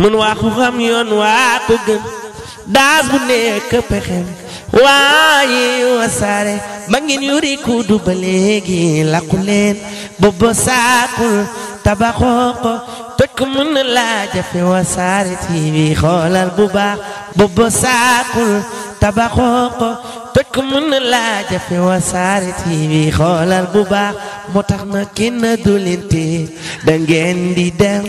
mën waa xam yoon waa ko gën daas bu nekk pexem waaye wasaare ma ngeen yuri kuudu ba léegi làqu leen boobu saakul tabaxoo ko toj ko mën na laa jafe wasaare TV xoolal bu baax boobu saakul tabaxoo ko toj ko mën na laa jafe Wassare TV xoolal bu baax moo tax na kenn du leen tee da ngeen di dem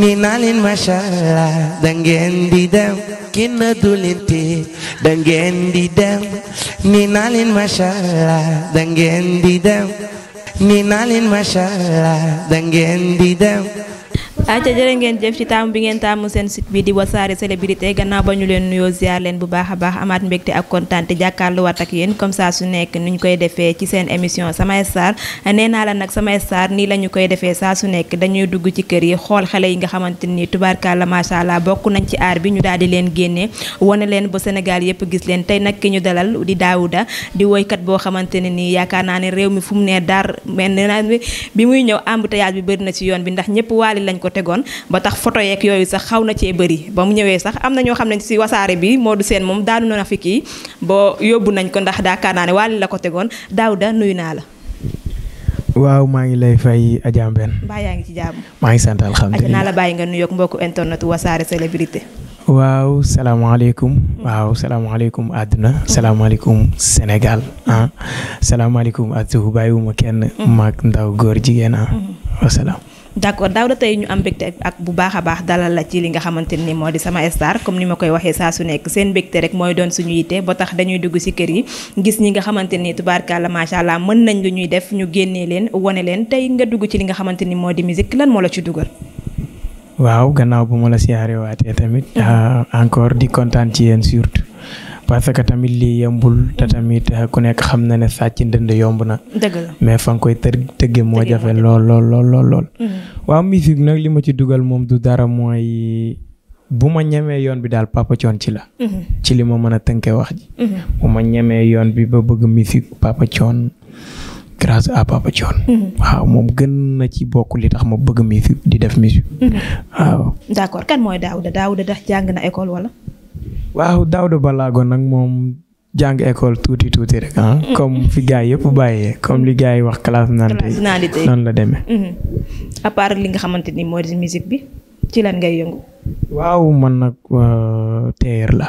ni naa leen macha allah da ngeen di dem kenn du leen tee da ngeen di dem ni naa leen macha allah da ngeen di dem ni naa leen macha allah da ngeen di dem. aca jërë ngeen jëf ci taamu bi ngeen taamu seen site bi di wasaare célébrité gannaaw ba ñu leen nuyoo ziar leen bu baax a baax amaat mbégte ak kontaan te jàkkaarluwaat ak yéen comme ça su nekk ni ñu koy defee ci seen émission Sama Star nee naa la nag Sama Star nii la koy defee saa su nekk dañuy dugg ci kër yi xool xale yi nga xamante ni tubaarkàlla macha allah bokk nañ ci aar bi ñu daal di leen génnee wone leen ba Sénégal yëpp gis leen tey nag ñu dalal di Daouda di woykat boo xamante ne nii yaakaar naa ne réew mi fu mu nee dar mel na bi muy ñëw embouteillage bi bëri na ci yoon bi ndax ñëpp ko tegoon ba tax photo yeek yooyu sax xaw na cee bëri ba mu ñëwee sax am na ñoo xam ne si wasaare bi moo du Sène moom daanu na fi boo yóbbu nañ ko ndax daakaar naa ne waali la ko tegoon Daouda nuyu naa waaw maa ngi lay fay Adja Mbène. mbaa yaa ngi ci jàmm. maa ngi sant alhamdulilah naa bàyyi nga nuyoog mbokku internet wasaare célébrité. waaw salaamaaleykum. Hmm. waaw salaamaaleykum àdduna. Hmm. salaamaaleykum Sénégal ah. Hmm. salaamaaleykum àdduna bàyyiwuma kenn. mag ndaw góor jigéen ah. d' accord Daouda tey ñu am mbégte ak bu baax a baax dalal la ci li nga xamante ni moo di sama star comme ni ma koy waxee saa su nekk seen mbégte rek mooy doon suñu yite ba tax dañuy dugg si kër yi ngis ñi nga xamante ni tubaarkàlla macha allah mën nañ lu ñuy def ñu génnee leen wone leen tey nga dugg ci li nga xamante ni moo di musique lan moo la ci dugal. waaw gannaaw bu ma la siyaaree waatee tamit mhm. ah, encore di kontaan ci yéen surtout. parce que tamit lii yembul te tamit ku nekk xam na ne sàcc ndënd yomb na. dëgg la mais fa nga koy tëggee moo jafe lool lool lool lool. Mm-hmm. waaw musique nag li ma ci dugal moom du dara mooy bu ma ñemee yoon bi daal Papa Thione ci la. Mm-hmm. ci li ma mën a tënkee wax ji. Mm-hmm. bu ma ñemee yoon bi ba bëgg musique Papa Thione grâce à Papa Thione. waaw moom gën na ci bokk li tax ma bëgg musique di def musique. waaw. d'accord kan mooy Daouda Daouda ndax jàng na école wala. waaw Daouda Balago nag moom jàng école tuuti tuuti rek ah. Mm-hmm. comme fi gars yëpp bàyyee comme li gars yi wax classe naante noonu la demee. Mm-hmm. à part li nga xamante ni moo di musique bi ci lan ngay yëngu. waaw man nag euh, tailleur la.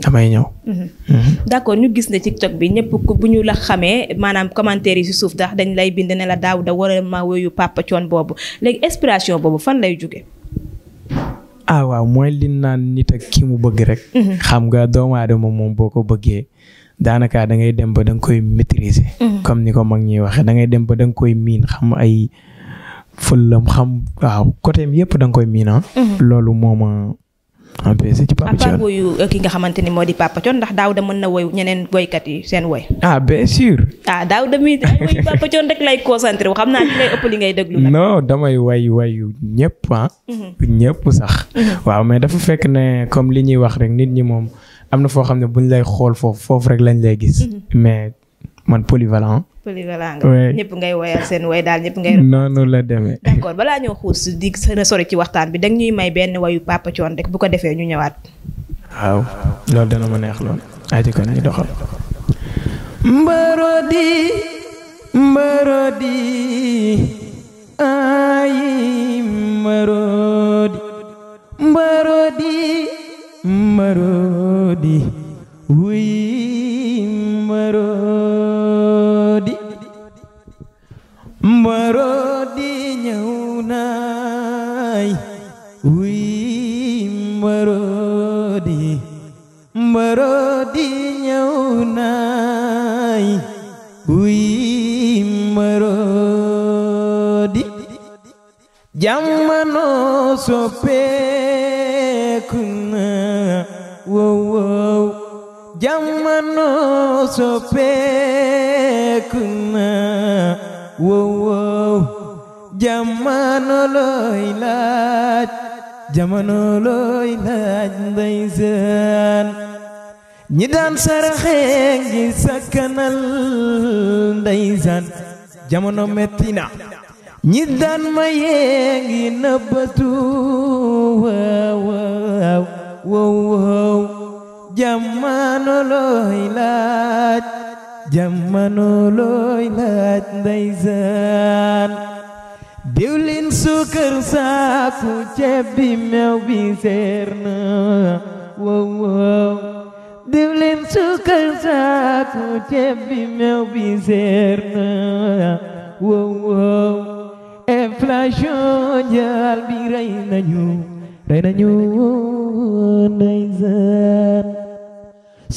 damay ñëw. Mm-hmm. d'accord ñu gis ne TikTok bi ñëpp bu ñu la xamee maanaam commentaire yi si suuf tax dañ lay bind ne la daaw war a ma woyu papa coon boobu léegi inspiration boobu fan lay jóge ah waaw mooy li naan nit ak mu bëgg rek. Mhm. xam nga doomu aadama moom boo ko bëggee daanaka da ngay dem ba da nga koy maîtriser. Mhm. comme ni ko mag ñuy waxee dangay dem ba da koy miin xam ay fëllam xam waaw côté yëpp da koy miin ah. mhm. loolu moom ah, en PC ci Pape Thione à part woyu euh, ki nga xamante ni moo di Pape Thione ndax Daouda mën na woy ñeneen woykat yi seen woy. ah bien sûr. ah Daouda mi ay li ngay ëpp li ngay déglu. non damay way wayu ñëpp ah. Mhm. ñëpp sax. Mhm. waaw mais dafa fekk ne comme li ñuy wax rek nit ñi moom am na foo xam ne buñ lay xool foofu foofu rek lañ lay gis. Mhm. mais man polyvalent. polyvalent nga. oui ngay woyal seen woy daal ñëpp ngay. noonu la sori ci waxtaan bi da ñuy may benn wayu Papa Thione rek bu ko defee ñu ñëwaat. waaw dana ma neex lool. ayca kon ñu doxal. mbarodi mbarodi ay mbarodi mbarodi mbarodi mbarodi. bờ rô đi nhau nay ui bờ rô đi bờ rô đi nhau nay ui bờ rô đi jamano sope kunga wow wow jamano sope wow wow jamono looy laaj jamono looy laaj ndeysaan ñi daan saraxe ngi sakkanal ndeysaan jamono metti na ñi daan maye ngi nëbbatu wow wow wow wow jamono looy laaj jamonolooy laaj ndeysaan diw lin sa saaku ceeb bi meew bi seer na wow wow diw lin suukar saaku ceeb bi meew bi seer na wow wow inflation jaal bi rey nañu rey nañu ndeysaan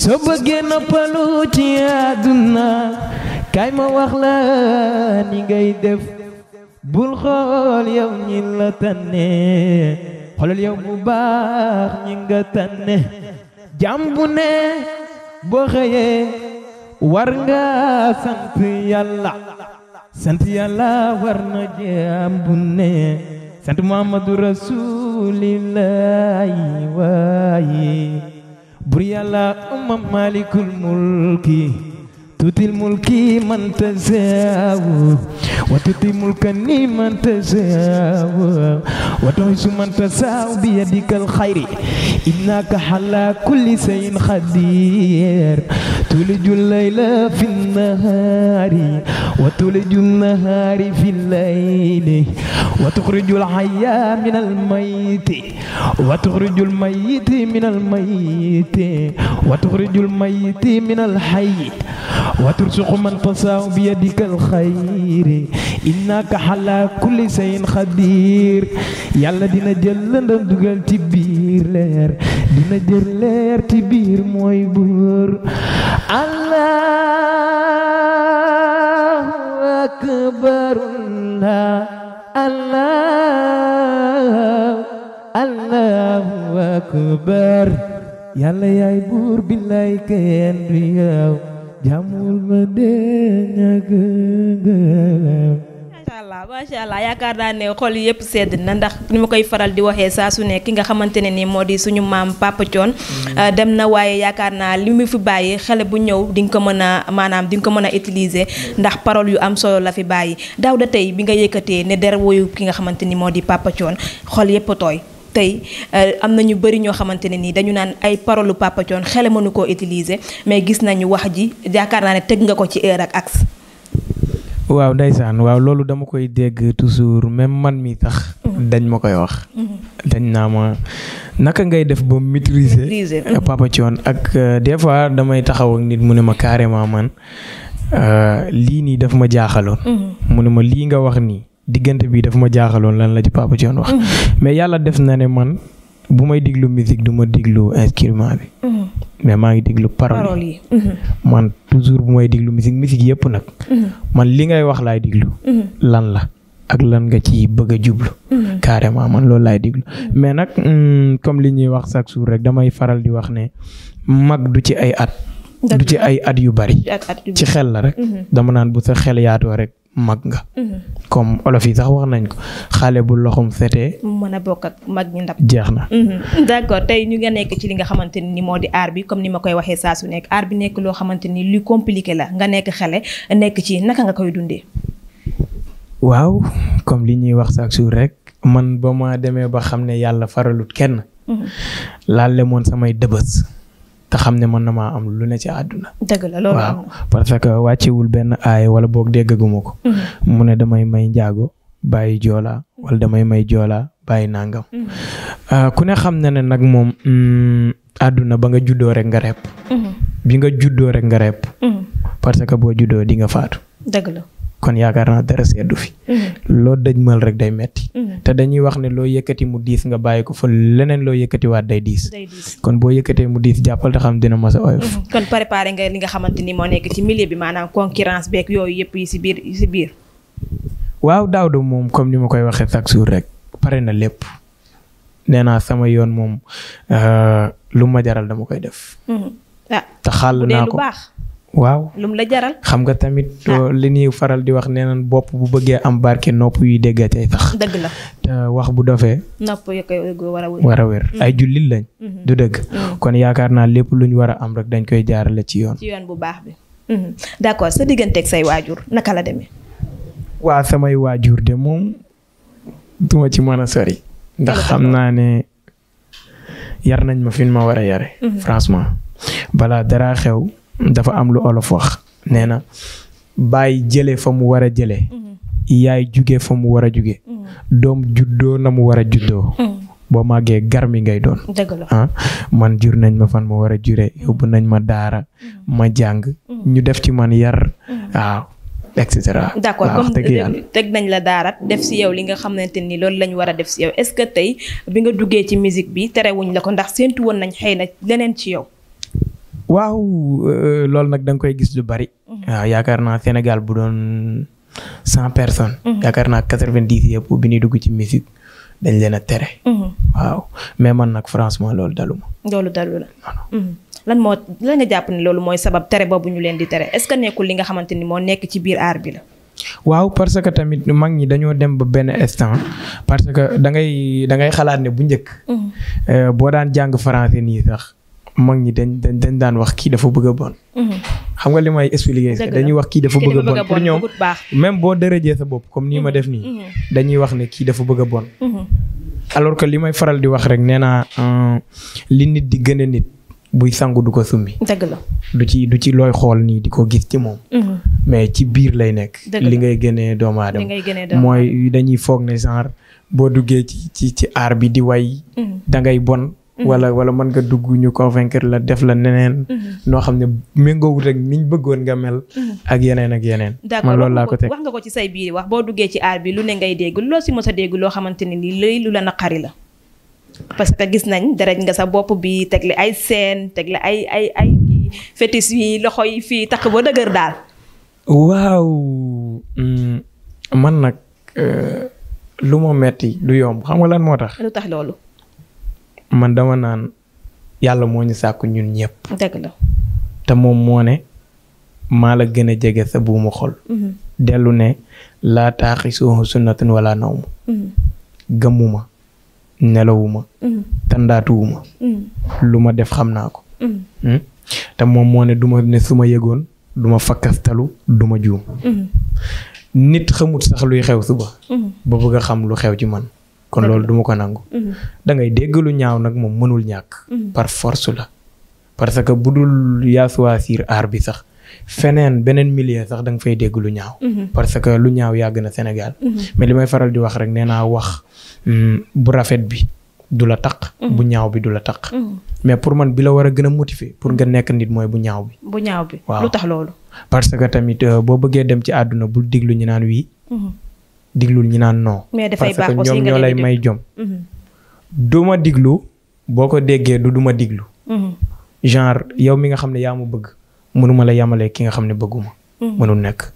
soo bëggee noppalu ci àdduna kaay ma wax la ni ngay def bul xool yow ñi la tànne xoolal yow bu baax ñi nga tànne jàmbu ne boo xëyee war nga sant yàlla sant yàlla war na jàmbu ne sant muhammadu rasulillahi waaye bur yàlla umma malikul mulki وتؤتي الملك من تشاء وتؤتي الملك من تشاء وتعز من تشاء بيدك الخير إنك حلا كل شيء خدير تولج الليل في النهار وتولج النهار في الليل وتخرج الحياة من الميت وتخرج الميت من الميت وتخرج الميت من الحي وترزق من تساء بيدك الخير انك على كل شيء قدير يلا دينا جلنا دوغال تبير لير دينا جل لير تبير موي بور الله اكبر الله الله الله اكبر يلا يا بور بالله كان رياو jamul ma allah macha allah yaakaar naa ne xol yëpp sedd na ndax ni ma koy faral di waxee saa su nekk ki nga xamante ne nii moo di suñu maam Papa mhm. euh, dem na waaye yaakaar naa li mu fi bàyyi xale bu ñëw di nga ko mën a maanaam di nga ko mën a utiliser ndax parole yu am solo la fi bàyyi daaw da tey bi nga yëkkatee ne der woyu ki nga xamante ni moo di Papa Thione xol yëpp tooy. tey euh, am na ñu bëri ñoo xamante ne nii dañu naan ay parolu Papa Thione xele mënu koo utiliser mais gis nañu wax ji jaakaar naa ne teg nga ko ci heure ak axe. waaw ndeysaan waaw loolu dama koy dégg toujours même man mi tax. Mhm. dañ ma koy wax. Mhm. dañ naa ma naka ngay def ba maîtriser. Euh, Papa Thione ak euh, des fois damay taxaw ak nit mu ne ma carrément man lii nii daf ma jaaxaloon. Mhm. mu ne ma lii nga wax nii. diggante bi dafa ma jaaxaloon lan la ci Papa Thione wax. Mm-hmm. mais yàlla def na ne man bu may diglu musique du ma diglu instrument bi. Mm-hmm. mais maa ngi diglu parole mm-hmm. man toujours bu may diglu musique musique yëpp nag. man li ngay wax laay diglu. lan la ak lan nga ci bëgg a jublu. carrément man loolu laay diglu mais nag mm, comme li ñuy wax chaque jour rek damay faral di wax ne mag du ci ay at. du ci ay at yu bari. ci xel la rek. dama naan bu sa xel yaatoo rek. mag nga. Mhm. comme olof yi sax wax nañ ko xaale bu loxoom setee. mu mën a bokk ak mag ñi ndab. jeex na. Mhm. d' accord tey ñu nga nekk ci li nga xamante ni moo di aar bi comme ni ma koy waxee saa su nekk aar bi nekk loo xamante ni lu compliqué la nga nekk xale nekk ci naka nga koy dundee. waaw comme li ñuy wax saa su rek man ba ma demee ba xam ne yàlla faralut kenn. Mhm. laal le moon samay dëbës. te xam ne man na maa am lu ne ci àdduna. dëgg la loolu waaw parce que wàccewul benn aay wala boog déggaguma ko. Mhm. mu ne damay may njaago bàyyi joola wala damay may joola bàyyi nangam. Mhm. Ah, ku ne xam na ne nag moom adduna mm, ba nga juddoo rek nga rep. Mhm. bi nga juddoo rek nga rep. parce que boo juddoo di nga dëgg la. kon yaakaar naa dara seddu fi mhm. loo dëjmal rek day metti mhm. te dañuy wax ne loo yëkkati mu diis nga bàyyi ko fa leneen loo yëkkatiwaat day diis kon boo yëkkatee mu diis jàppal te xam dina mas a oyof mhm. kon préparé li nga xamante ni moo nekk ci milieu bi maanaam concurrence beeg yooyu yëpp yi si biir yi si biir waaw daaw de moom comme ni ma koy waxee chaque jour rek pare na lépp nee naa sama yoon moom euh, lu ma jaral dama koy def ah, te xàll naa ko waaw lum la jaral. xam nga tamit li nuy faral di wax nee naan bopp bu bëggee am barke nopp yuy déggatee tax. dëgg la te wax bu dofee. nopp yi war a wér. Mm. ay jullit lañ. Mm-hmm. du dëgg. Mm. kon yaakaar naa lépp lu ñu war a am rek dañ koy jaarale ci yoon. ci bu baax bi. Mm-hmm. d'accord sa digganteeg say waajur naka la demee. waa samay waajur de moom duma ci mën a sori. ndax xam naa ne yar nañ ma fi ma war a yare. Mm-hmm. franchement balaa dara xew. dafa am lu olof wax nee na bàyyi jële fa mu war a jële mm-hmm. yaay juge fa mu war a juge mm-hmm. doom juddoo na mu war a juddoo mm-hmm. boo màggee garmi ngay doon ah man jur nañ ma fan ma war a jure yóbbu nañ ma daara ma jàng ñu def ci man yar waaw ah, et cetera. d' accord comme teg nañ la daara def si yow li nga xam te ni loolu la ñu war a def si yow est ce que tey bi nga duggee ci musique bi terewuñ la ko ndax séntu woon nañ xëy na leneen ci yow. waaw eh, lol nag da nga koy gis du bari. waaw mhm. ah, yaakaar naa Sénégal bu doon cent personnes. Mhm. yaakaar naa quatre-vingt-dix yëpp bi ñuy dugg ci musique dañ leen a tere. Mhm. waaw mais man nag franchement loolu dalu loolu dalu la. lan moo lan nga jàpp ne loolu mooy sabab tere boobu ñu leen di tere est-ce que nekkul li nga xamante ni moo ci biir aar bi la. waaw parce que tamit mag ñi dañoo dem ba benn instant parce que da ngay da ngay xalaat ne bu njëkk. Eh, boo daan jàng français nii sax. mag ñi dañ dañ daan wax kii dafa bëgg a bon. Mhm. xam nga li may expliquer dañuy wax kii dafa bëgg a bon pour boo dërëjee sa bopp comme nii ma mhm. def nii. Mhm. dañuy wax ne kii dafa bëgg a bon. alors que li may faral di wax rek nee naa euh, li nit di gën a nit buy sangu du ko summi. dëgg la du ci du ci looy xool nii di ko gis ci moom. mais ci biir lay nekk. li ngay gënee doomu aadama mooy dañuy foog ne genre boo duggee ci ci ci aar bi di way. dangay bon. Mm-hmm. wala wala mën nga dugg ñu convaincre la def la neneen. Mm-hmm. noo xam ne méngoowul rek niñ bëggoon nga mel. Mm-hmm. ak yeneen ak yeneen. man loolu laa ko teg wax nga ko ci say biir wax boo duggee ci aar bi lu ne ngay dégg loo si mos a dégg loo xamante ne nii léegi lu la naqari la. parce que gis nañ deret nga sa bopp bi teg la ay seen teg la ay ay ay yi loxo yi fii takk ba dëgër daal. Mm, man nag euh, lu ma metti du yomb xam nga lan moo tax. lu tax loolu. man dama naan yàlla moo ñu sàkk ñun ñëpp. te moom moo ne maa la gën a jege sa buumu xol. Mm-hmm. dellu ne laa taaxi suuxu sunnatun wala naw ma. Mm-hmm. gëmmuma nelawuma. Mm-hmm. tandaatuwuma. lu ma def xam naa ko. Hmm? te moom moo ne du ne su ma yëgoon duma ma fakkastalu du juum. nit xamut sax luy xew suba. ba bëgg a xam lu xew ci man. kon lolou du ma ko nangu. Mhm. da ngay dégg lu ñaaw nak mom mënul ñak mhm. par force la parce que budul ya yaasuwaasiir aar bi sax fenen benen milier sax da nga fay dégg lu ñaaw. Mhm. parce que lu ñaaw yag na Sénégal. mais limay faral di wax rek nee wax mm, bu rafet bi. du la bu ñaaw bi du la taq mais pour man bi la wara gëna motiver pour nga nek nit moy bu ñaaw bi. bu ñaaw bi lutax lolou parce que tamit euh, bo bëggee dem ci aduna bu diglu ñu naan diglul ñi naan non. mais dafay baax parce que ñoom ñoo lay may jom. Mhm. du ma diglu boo ko déggee du du ma diglu. Mhm. genre yow mi nga xam ne yaa ma bëgg mënuma la yamalee ki nga xam ne bëgguma. Mhm. mënul nekk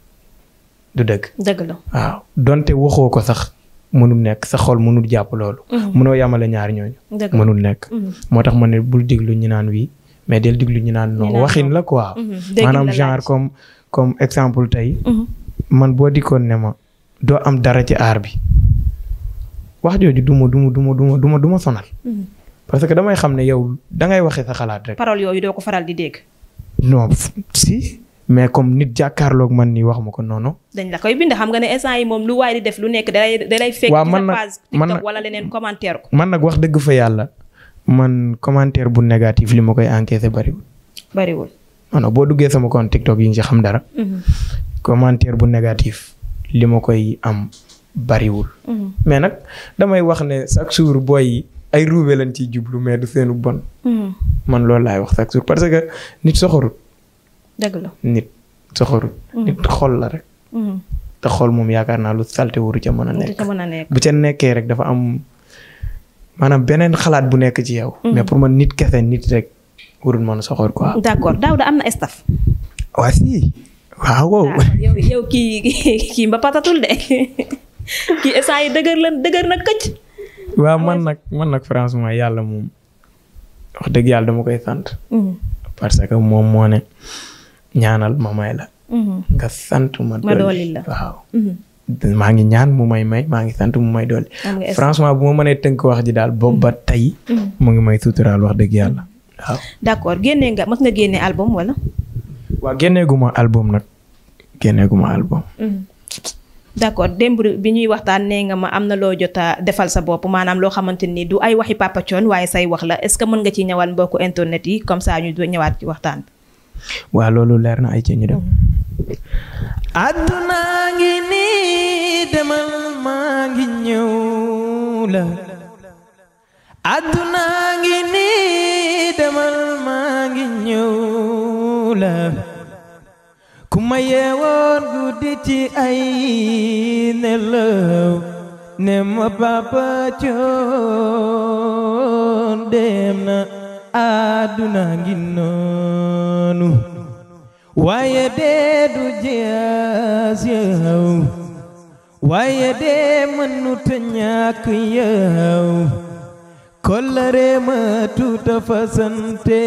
du dëgg. dëgg la waaw donte waxoo ko sax. mënul nekk sa xol mënul jàpp loolu. mënoo yamale ñaar ñooñu. mënul nekk. moo tax ma ne bul diglu ñu naan wii mais del diglu ñu naan non waxin la quoi. maanaam genre comme comme exemple tey. man boo dikkoon ne ma. doo am dara ci aar bi wax jooju du ma du ma du ma du ma du du ma sonal. Mhm. parce que damay xam ne yow dangay waxee sa xalaat rek. parole yooyu doo ko faral di dégg. non si mais comme nit jàkkaarloog man nii wax ma ko noonu. dañ la koy bind xam nga ne instant yi moom lu waay di def lu nekk dalay dalay fekk. waaw man nag man nag leneen commentaire ko. man nag wax dëgg fa yàlla man commentaire bu négatif li ma koy encaissé bariwul. boo duggee sama compte TikTok yi nga ci xam dara. Mhm. commentaire bu négatif. li ma koy am bariwul. Mhm. mais nag damay wax ne chaque jour booy yi ay ruube lañ ciy jublu mais du seenu bon. Mhm. man loolu laay wax chaque jour parce que nit soxorut. dëgg la nit soxorut. Mhm. nit xol la rek. te xol moom yaakaar naa lu salte waru ca mën a nekk. bu ca nekkee rek dafa am maanaam beneen xalaat bu nekk ci yow. mais pour man nit kese nit rek warul mën a soxor quoi. am na staff. waa si. waaw wow. kii kii mba patatul de kii instant yi dëgër la dëgër na këcc. waaw man nag man nag franchement yàlla moom wax dëgg yàlla dama koy sant. Mm-hmm. parce que moom moo ne ñaanal ma may la. Mm-hmm. nga sant ma dolli la waaw. Mm-hmm. maa ngi ñaan mu may may maa ngi sant mu may dolli. franchement bu ma mënee tënk wax ji daal boobu ba tey. mu ngi may suturaal wax dëgg yàlla waaw. d'accord génnee nga mës nga génne album wala. waaw génneeguma album nag ma album. Mm-hmm. d' accord démb bi ñuy waxtaan nee nga ma am na loo jot defal sa bopp maanaam loo xamante ni du ay waxi Papa waaye say wax la est ce que mën nga ci ñëwaat mbokku internet yi comme ça ñu ñëwaat ci waxtaan bi. waaw loolu leer na ay ci ñu dem. àdduna mm-hmm. ngi nii demal maa ngi ñëw la. àdduna ngi nii demal maa ngi ñëw ku ma yeewoon guddi ci ay nelaw ne ma papa coon dem na àdduna ngi noonu waaye dee du jeex yow waaye dee mënut a ñàkk kollëre ma tuuta fasante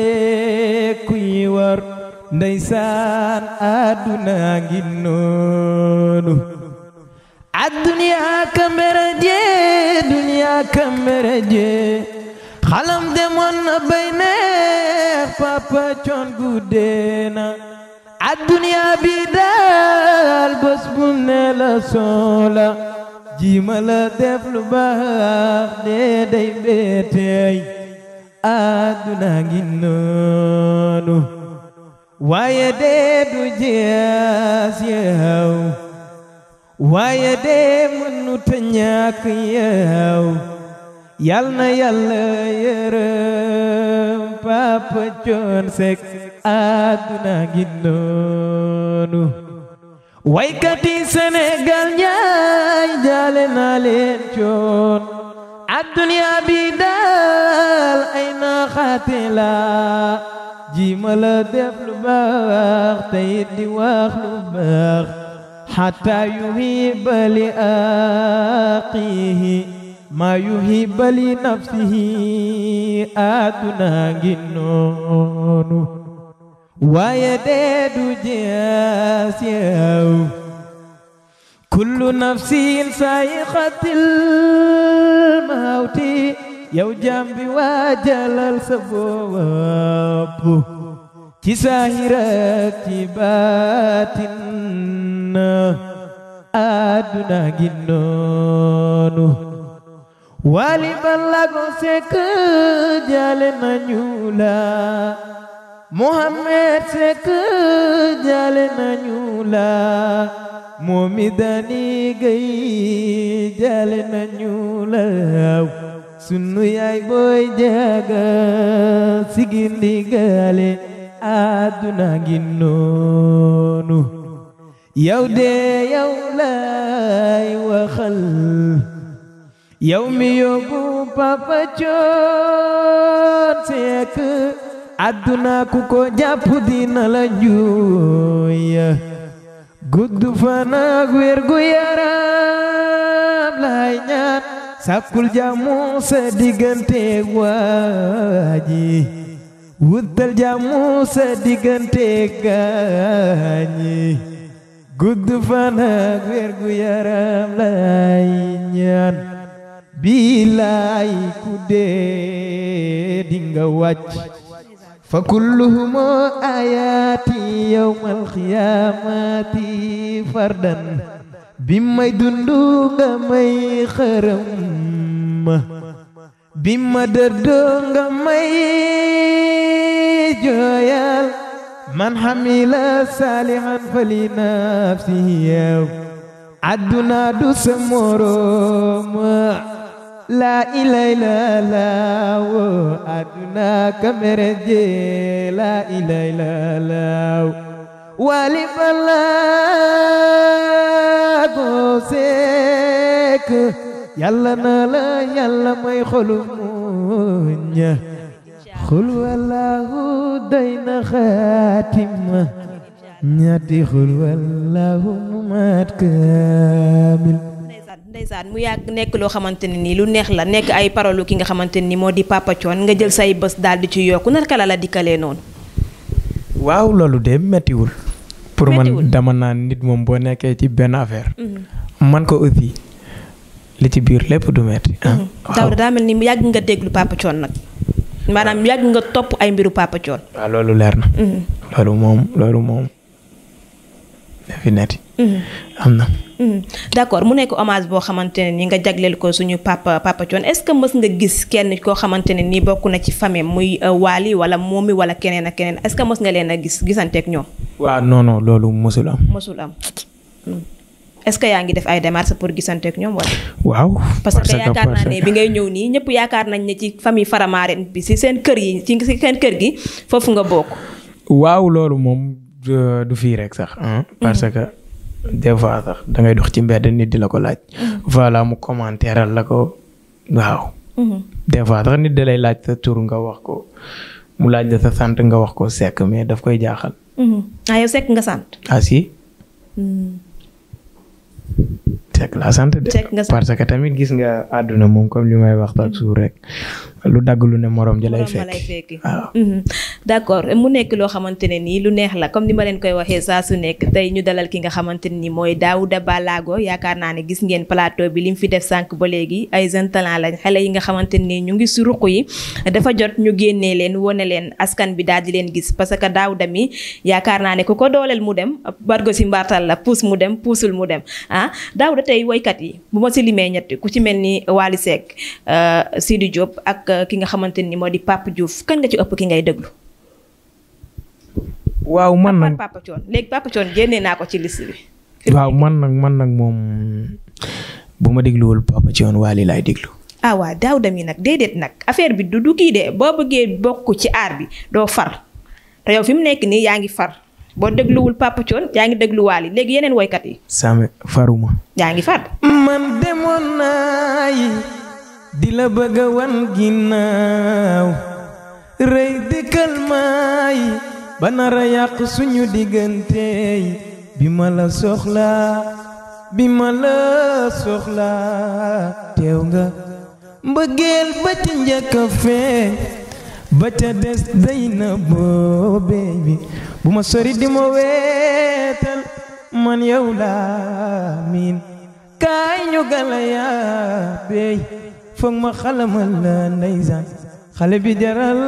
kuy war ndeysaan àdduna ngi noonu adduniya kamere je duniya kamere je xalam demoon na bay neex papa coon guddee na adduniya bi daal bés bu ne la jimala def lu baax dee day beeteey àdduna ngi noonu waaye dee du jeex yow waaye dee mënut a ñàkk yow yal na yàlla yërëm Papa Thione Seck àdduna ngi noonu واي كاتي سنغال ياي جالنا لينشون الدنيا بدال اين خاتلا جيمال دفل باخ تايد دي واخل باخ حتى يهيب لآقيه ما يهيب لنفسه آتنا جنونه waaye dee du jeex yow kullu nafsin sayiqatil mawti yow jambi waajalal sa bopp ci saahir ak ci baatin àdduna gi noonu wali balago sekk jale Mohamed Seck jàlle nañu la moomi dani gay jàlle nañu la sunu yaay booy jaga sigindi gale àdduna ngi noonu yow de yow lay waxal yow mi yóbbu papa coon Seck aduna ku ko nalaju ya gudufana juuy guyara fan ak jamu gu yaram lay ñaan sàkkul jàmmu sa digganteeg Gudufana gwer guyara sa bilai gaañi fa kulluhum ayaati yawmal xiyaamati fardan bi may dundu nga may xërëm ma bi ma dëddoo nga may jooyal man xamila saalihan fa li nafsihi yow adduna du sa moroom laa ilay la laaw aduna kamere jee laa ilay la laaw wali balaago seek yàlla na la yàlla may xolu muñ xul walaahu day na xaatima ñaati xul walaahu mu maat kaamil ndeysaan mu yàgg nekk loo xamante ne nii lu neex la nekk ay parolu ki nga xamante ni moo di Papa nga jël say bés daal di ci yokku naka la la dikkalee noonu. waaw loolu de méttiwul. pour man dama naan nit moom boo nekkee ci benn affaire. Mhm. man ko aussi li ci biir lépp du metti ah. mhm. daaw daa mel ni yàgg nga déglu Papa nag. maanaam yàgg nga topp ay mbiru Papa Thione. loolu leer na. Mhm. loolu moom loolu moom. fi neti mm-hmm. am na. Mm-hmm. d'accord mu nekk hommage boo xamante ne ni nga jagleel ko suñu papa papa Thione est-ce que mës nga gis kenn koo xamante ne nii bokk na ci famille muy euh, Wally wala Momy wala keneen ak keneen ce que mës nga leen gis gisanteeg ñoom. waaw non loolu mësul am. mësul am. Mm. est-ce ngi def ay démarches pour gisanteeg ñoom wala. bi ngay ñëw nii ñëpp yaakaar nañ ne ci famille Faramareen bi si seen kër yi ci seen kër gi foofu nga bokk. waaw loolu moom. du fii rek sax. Ah. Mhm. parce que des fois sax da ngay dox ci mbedd nit di la ko laaj. Mhm. voilà mu commentaire la ko waaw. Mhm. des fois sax nit da lay laaj sa tur nga wax ko mu laaj la sa sant nga wax ko sekk mais daf koy jaaxal. ah yow sekk nga sant. ah tek la sante de parce que tamit gis nga aduna mom comme limay wax tak sou rek lu dag lu ne morom je lay fek d'accord mu nek lo xamantene ni lu neex la comme ni ma len koy waxe sa su nek tay ñu dalal ki nga xamantene ni moy Daouda Balago yaakaar na ne gis ngeen plateau bi lim fi def sank ba legi ay jeune talent lañ xalé yi nga xamantene ni ñu ngi yi dafa jot ñu genné len wone len askan bi daal di len gis parce que Daouda mi yaakaar na ne koko ko dooleel mu dem bargo si mbartal la pousse mu dem puusul mu dem ah Daouda tey woykat yi bu ma ci limé ñett ku ci melni ni sek euh, euh Sidi job ak euh, ki nga xamanteni modi moo di Pape Diouf kan nga ci upp ki ngay deglu waaw man nak Papa tion leg Papa tion genné naa ko ci liste bi. waaw man nak man nak mom bu ma wol Papa tion wali lay deglu ah wa Daouda mi nak dedet nak. affaire bi du du ki de bo bëggee bokku ci aar bi do far te yow fim nek ni yaangi far. boo dégluwul Papa Thione yaa ngi dégluwaal yi léegi yeneen woykat yi. Same faruma. yaa ngi far. man demoon naa yi di la bëgg a wan ginnaaw rëy dëkkal maa yi ba nar a yàq suñu diggante bi ma la soxlaa bi ma la soxlaa teew nga mbëggeel ba ci njëkk a ba ca des day na boobee bi bu ma sori di ma weetal man yow laa miin kaay ñu gala yaa beey foog ma xalamal la ndeysaan xale bi jaral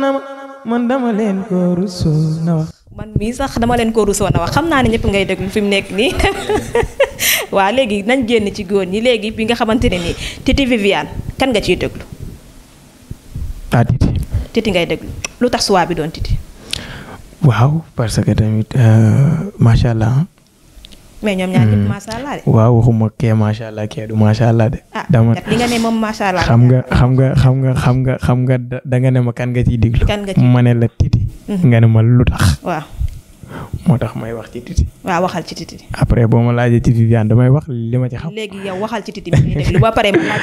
na ma man dama leen ko rusoo na wax man mii sax dama leen ko rusoo na wax xam naa ne ñëpp ngay déglu fi mu nekk nii waa léegi nañ génn ci góor ñi léegi bi nga xamante ne Titi Viviane kan nga ciy déglu ah titi. titi ngay déglu lu tax choix bi doon titi. waaw parce que tamit euh, macha allah. mais ñoom mm. waaw waxuma kee macha allah kee du macha allah de. Ah, dama moom macha allah. xam nga xam nga xam nga xam nga xam nga da nga ne ma kan nga ci déglu. kan nga ciy ma ne la titi. Mm-hmm. nga ma lu tax. waaw. moo tax may wax ci titi. waaw waxal ci titi. après boo ma laajee ci Viviane damay wax li ma ci xam. léegi yow waxal ci titi ba pare ma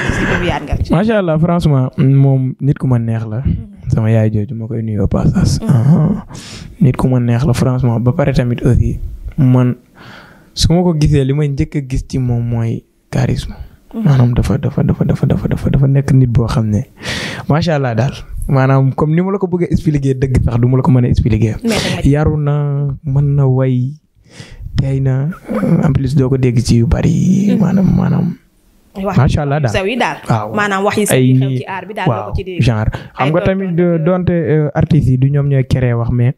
laaj allah franchement moom nit ku ma neex la. Mm-hmm. sama yaay jooju ma koy nuyoo passage. Mm-hmm. Ah, nit ku ma neex la franchement ba pare tamit aussi man su ma ko gisee li may njëkk a gis ci moom mooy charisme. Mm-hmm. maanaam dafa dafa dafa dafa dafa dafa nekk nit boo xam ne macha allah daal. maanaam comme ni ma la ko bëggee expliquer dëgg sax du ma la ko mën a expliquer. yaru na mën na way tey na en plus doo ko dégg ci yu bari. Mm-hmm. maanaam maanaam. macha allah daal waaw maanaam wax yi sax yi bi daal waaw genre xam nga tamit donte euh, artistes yi du ñoom ñooy keree wax mais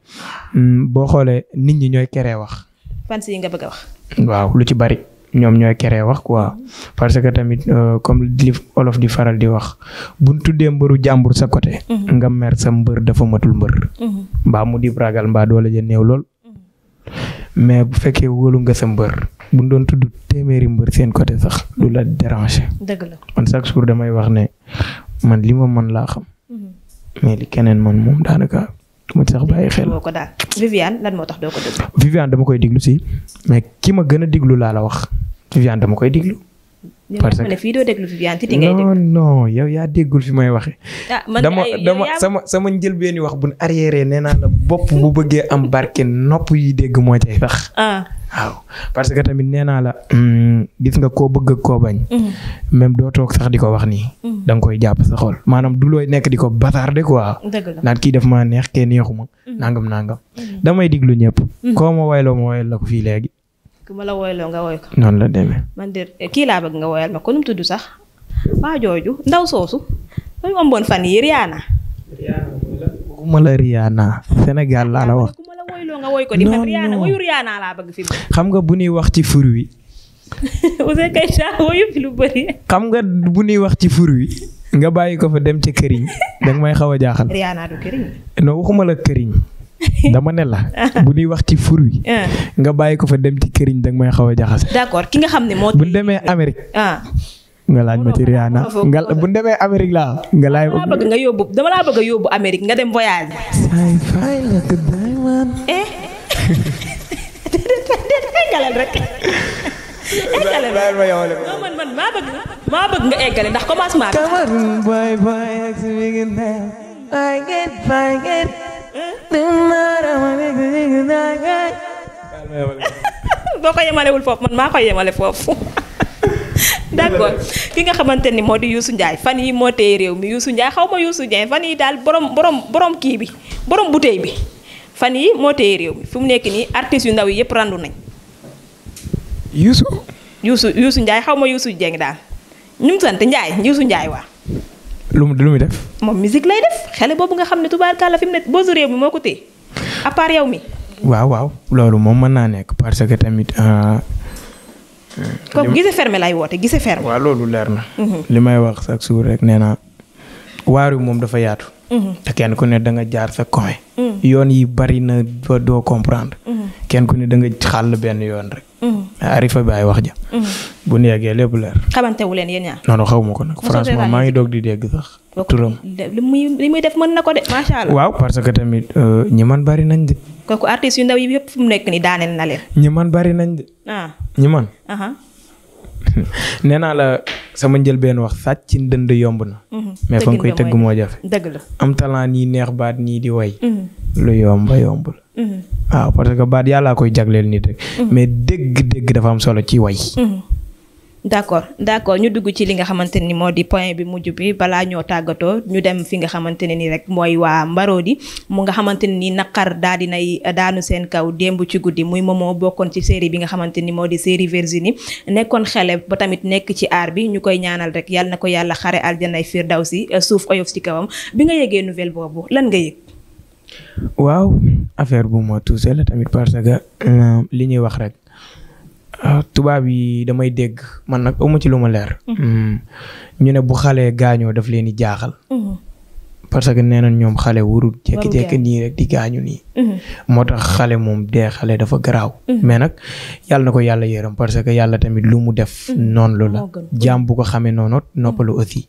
mm, boo xoolee nit ñi ñooy créer wax. fan si nga bëgg wax. waaw lu ci bari. ñom ñoy kéré wax quoi parce que tamit euh, comme li olof di faral di wax buñ tuddee mbëru jambour sa côté. Mhm. nga mer sa mbeur dafa matul mbeur mhm. mbaa mu di ragal do la ja néew lol mhm. mais bu féké wolu nga sa mbeur buñ doon tuddu téméri mbeur sen côté sax du la déranger. dëgg la man chaque jour damay wax né man lima man la xam. mais li kenen man mom danaka du ma ci sax bàyyi xel. Viviane lan moo tax doo ko déglu. Viviane dama koy diglu si mais ki ma gën a diglu laa la wax Viviane dama koy diglu. parce que fii doo déglu Viviane titi ngay déglu. non non yaa déggul fi may waxee. Ah, dama dama sama sama njëlbeeni wax bu nu arrière nee naa la bopp bu bëggee am barke nopp yi dégg moo cay tax. Ah. waaw parce que tamit nee naa la mm, gis nga ko bëgg koo bañ. Mhm. même doo toog sax di ko wax nii. Mhm. da koy jàpp sa xol maanaam du looy nekk di ko bazarde quoi. dëgg la naan kii def ma neex kenn ma mhm. nangam nangam. damay diglu ñëpp. koo ma woyloo ma woyal la ko fii léegi. ku ma la woyloo nga woy ko. noonu la deme man de kii laa bëgg nga woyal ma ko nu mu tudd sax waa jooju ndaw soosu dañu ëmboon fan yii Rihanna. Rihanna. waxuma la Rihanna Sénégal laa la wax. xam nga bu ñuy wax ci fur wi. Ouzin Keita xam nga bu ñuy wax ci fur wi. nga bàyyi ko fa dem ci këriñ danga may xaw a jaaxal. Rihanna du këriñ. non waxuma la këriñ. dama ne la. bu ñuy wax ci fur wi. Ah. nga bàyyi ko fa dem ci këriñ danga may xaw a jaaxal. d'accord ki demee Amérique. Ah. nga laaj ma ci riana nga bu ñu demee Amérique laa nga laaj ma bëgg nga yobbu dama la bëgg yobbu yóbbu Amérique nga dem voyage fay fay la te diamond eh galal rek eggalal eh, rek ma yowale ko man man maa bëgg maa bëgg nga eggale ndax commencement bi Cameroon boy boy ak si mi ngi ne I get I get Dimara ma nekk si mi ngi ne boo ko yemalewul foofu man maa ko yemale foofu d'accord ki nga xamante ni moo di Youssou Ndiaye fan yi moo tey réew mi Youssou Ndiaye xaw ma Youssou Ndiaye fan yi daal borom borom borom kii bi borom bouteille bi fan yi moo réew mi mu nekk nii artistes yu ndaw yëpp randu nañ Youssou Youssou Youssou Ndiaye xaw ma Youssou Dieng daal ñu sant Ndiaye Youssou Ndiaye waa lu mu lu muy def moom musique lay def xale boobu nga xam ne tubaarkàlla fi mu ne boosu réew mi moo ko téye à part mi waaw waaw loolu moom mën naa nekk parce que tamit euh, kooku gise fermé lay woote gise fermé. waaw loolu leer na. Mhm. li may wax chaque jour rek nee naa waar wi moom dafa yaatu. Mhm. te kenn ku ne da nga jaar sa coin. Mhm. yoon yi bari ba doo comprendre. kenn ku ne da nga xàll benn yoon rek. Ah, Arifa Baye wax ja. bu nu yeggee lépp leer. xamante wu leen yéen ñaar. non non xaw ma ko nag franchement maa ngi doog di dégg sax. turam li muy def mën na ko de waaw parce que tamit euh, ñi man bari nañ de. ku artistes yu ndaw yi yépp fu mu nekk ni daaneel na leen. ñi man bari nañ de. ah ñi man. nee naa la sama njëlbeen wax sàcc ci ndënd yomb na. Mhm. mais fa koy tëgg moo jafe. dëgg la am talent nii neex baat nii di way. Mhm. lu yomba yomb la. waaw mhm. ah, parce que baat yàllaa koy jagleel nit rek. mais dégg-dégg dafa am solo ci way. d' accord d' accord ñu dugg ci li nga xamante ni moo di point bi mujj bi balaa ñoo tàggatoo ñu dem fi nga xamante ne ni rek mooy waa di mu nga xamante ne ni naqar daa di nay daanu seen kaw démb ci guddi muy moom moo bokkoon ci série bi nga xamante ni moo di série Virginie nekkoon xele ba tamit nekk ci aar bi ñu koy ñaanal rek yàlla na ko yàlla xare aljanay firdawsi euh, suuf oyof ci kawam bi nga yëgee nouvelle boobu lan nga yëg. waaw affaire bu moo tuuse la tamit parce euh, li ñuy wax rek. Euh, tubaab yi damay dégg man nag amu ci lu ma leer. Mhm. Hmm. ñu ne bu xale gaañoo daf leen di jaaxal. Mhm. parce que nee na ñoom xale warul jékki-jékki nii rek di gaañu nii. Mhm. moo tax xale moom dee xale dafa garaaw. mais nag yàlla na ko yàlla yërëm parce que yàlla tamit lu mu def. noonu lu la jaam bu ko xamee noonu noppalu aussi.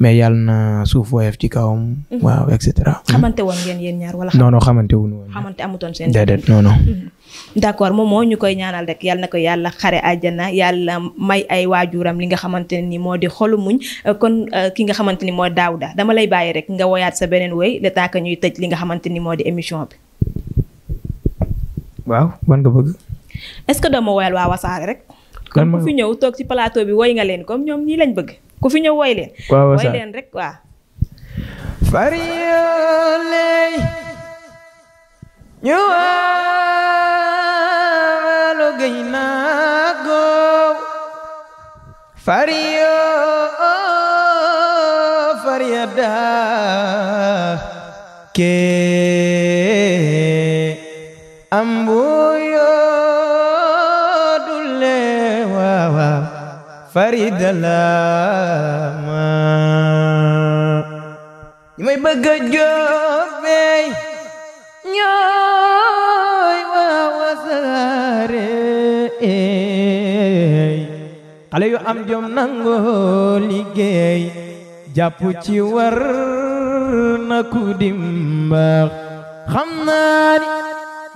mais yàlla na suuf ci kawam. waaw et cetera. xamante woon ngeen yéen woon. xamante d'accord moom moo ñu koy ñaanal rek yal na ko yàlla xare àjjana yàlla may ay waajuram li nga xamante ne ni moo di xolu muñ kon euh, ki nga xamante ni moo Daouda dama lay bàyyi rek nga woyaat sa beneen woy le temps que ñuy tëj li nga xamante ni moo di émission bi. waaw ban nga bëgg. est-ce que doo ma woyal waa Wasaare rek. kon ku fi ñëw toog ci plateau bi woy nga leen comme ñoom ñii lañ bëgg ku fi ñëw woy leen. waaw woy leen rek waaw. fari lay ñu waa fariyo fariyada ke ambuyo dule wawa faridalama ñi may bëgg xale yu am jom nangoo liggéey jàpp ci war na ku dimbax xam naa ni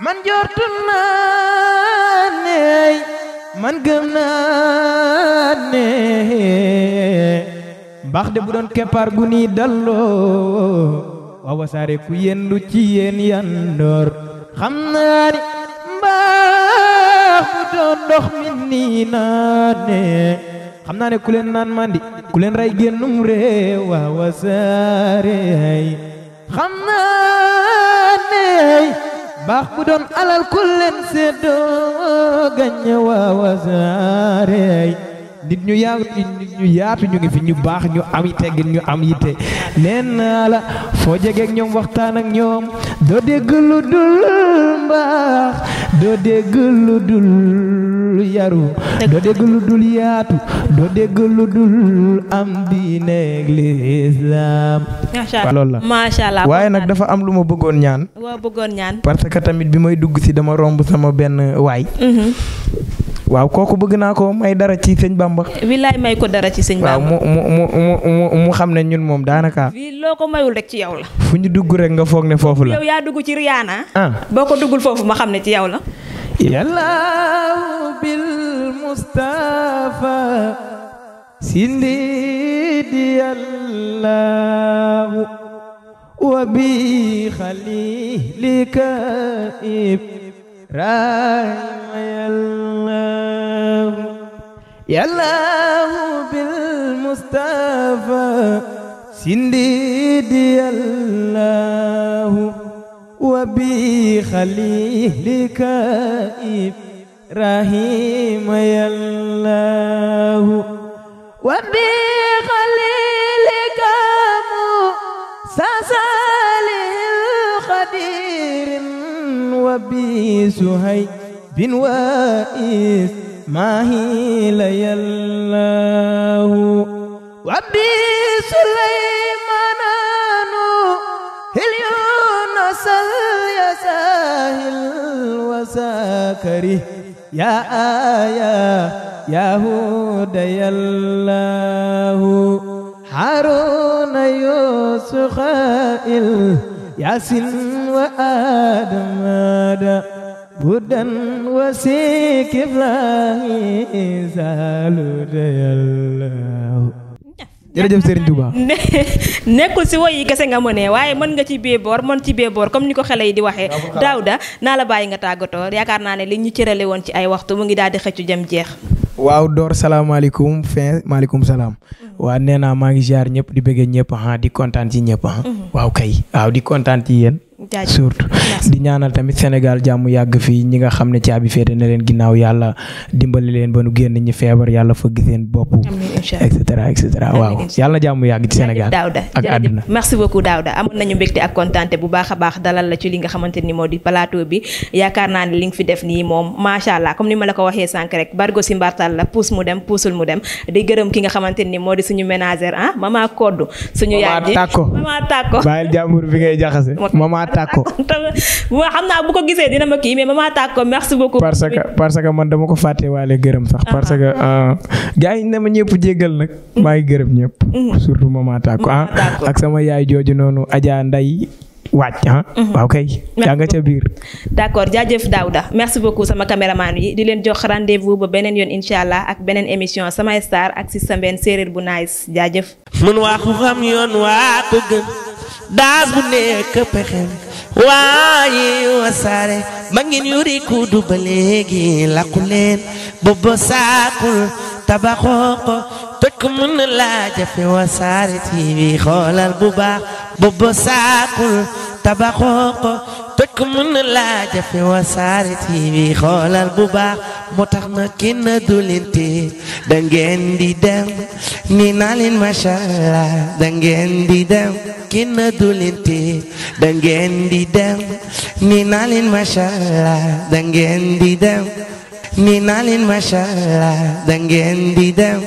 man jortu naa ne man gëm naa ne mbax de bu doon keppaar gu nii dalloo waa wasaare ku yendu ci yéen yandoor xam naa ni mbaax bu doon dox mi ni naan ne xam naa ne ku leen naan mandi ku leen ray génnum réew waa wasaare ay xam naa ne baax bu doon alal ku leen seddoo waa wasaare ay nit ñu yaatu ñu yaatu ñu ngi fi ñu baax ñu am yi teggin ñu am yite neen naa la jégué ak ñom waxtaan ak ñom do dégg lu dul baax do dégg lu dul yaru do dégg lu dul yaatu do dégg lu dul am diiné lislaam loolu la macha allah waaye nag dafa am lu ma bëggoon ñaan wa bëggoon ñaan parce que tamit bi may dugg ci dama romb sama Ben way mm-hmm waaw kooku bëgg naa ko may dara ci sëñ Bamba. wilaay may ko dara ci sëñ Bamba. waaw mu mu mu mu mu xam ne ñun moom daanaka. fii loo ko mayul rek ci yow la. fu ñu dugg rek nga foog ne foofu la. yow yaa dugg ci Rihanna. ah boo ko duggul foofu ma xam ne ci yow la. yalla bil Mustafa. wa bi khalilika إبراهيم رايم يا الله بالمصطفى سندي الله وبي وبخليلك إبراهيم يا الله وبخليلك وبي سهي بن وائس ما هي لي الله وبي سليمان نو يا ساهل وساكري يا آية يا يا الله هارون يوسف خائل ada Budan wa Sikif lahi فلاهي سالو الله jërëjëf Serigne Touba nekkul si woy yi kese nga mënee Waye mën nga ci béeboor mën ci béeboor comme niko ko yi di waxee Dawda naa la bàyyi nga tagoto yaakaar naa ne li ñu cërale ci ay waxtu mu ngi daal di xëccu jëm waaw door salaamaaleykum fin maaleykum salaam. Mm-hmm. waa nee naa maa ngi ziar ñëpp di bëggee ñëpp ah di kontaan ci ñëpp ah. Mm-hmm. waaw kay waaw di kontaan ci yéen. surtout di ñaanal tamit Sénégal jàmm yàgg fii ñi nga xam ne caabi féete na leen yàlla dimbali leen ba nu génn ñi feebar yàlla fëgg seen bopp. et cetera waaw yàlla jàmm yàgg ci Sénégal. ak àdduna merci beaucoup Daouda amoon nañu mbégte ak kontaante bu baax a baax dalal la ci li nga xamante moo di plateau bi yaakaar naa ne li nga fi def nii moom macha allah comme ni ma la ko waxee sànq rek bargo si mbartal la puus mu dem puusul mu dem di gërëm ki moo di suñu ménagère ah mama koddu tàkko bu xam naa bu ko gisee dina ma kii mais mama tàkko merci beaucoup. parce que parce que man dama ko fàtte waale gërëm sax ah, parce que ah, ah. Euh, gars yi ne ma ñëpp jéggal nag mm-hmm. maa ngi gërëm ñëpp mm-hmm. surtout mama tàkko ah ak sama yaay jooju noonu Adja Nday waaj a mm-hmm. waaw kay. yaa nga ca biir. d' accord jaajëf Daouda merci beaucoup sama caméraman yi di leen jox rendez vous ba beneen yoon incha allah ak beneen émission Samay Star ak si sa benn séeréer bu nice jaajëf. mun waa ku xam yoon waa daas bu nekk pexem waaye wasaare ma ngeen yuri kuudu ba léegi làqu leen boobu saakul tabaxoo ko toj ko mën na laa jafe wa TV xoolal bu baax boobu saakul na laa jafe moo tax na kenn du leen tee di dem ni naa leen macha allah da ngeen di dem. kenn du leen tee da ngeen di dem ni naa leen macha allah da ngeen di dem ni naa leen macha allah da ngeen di dem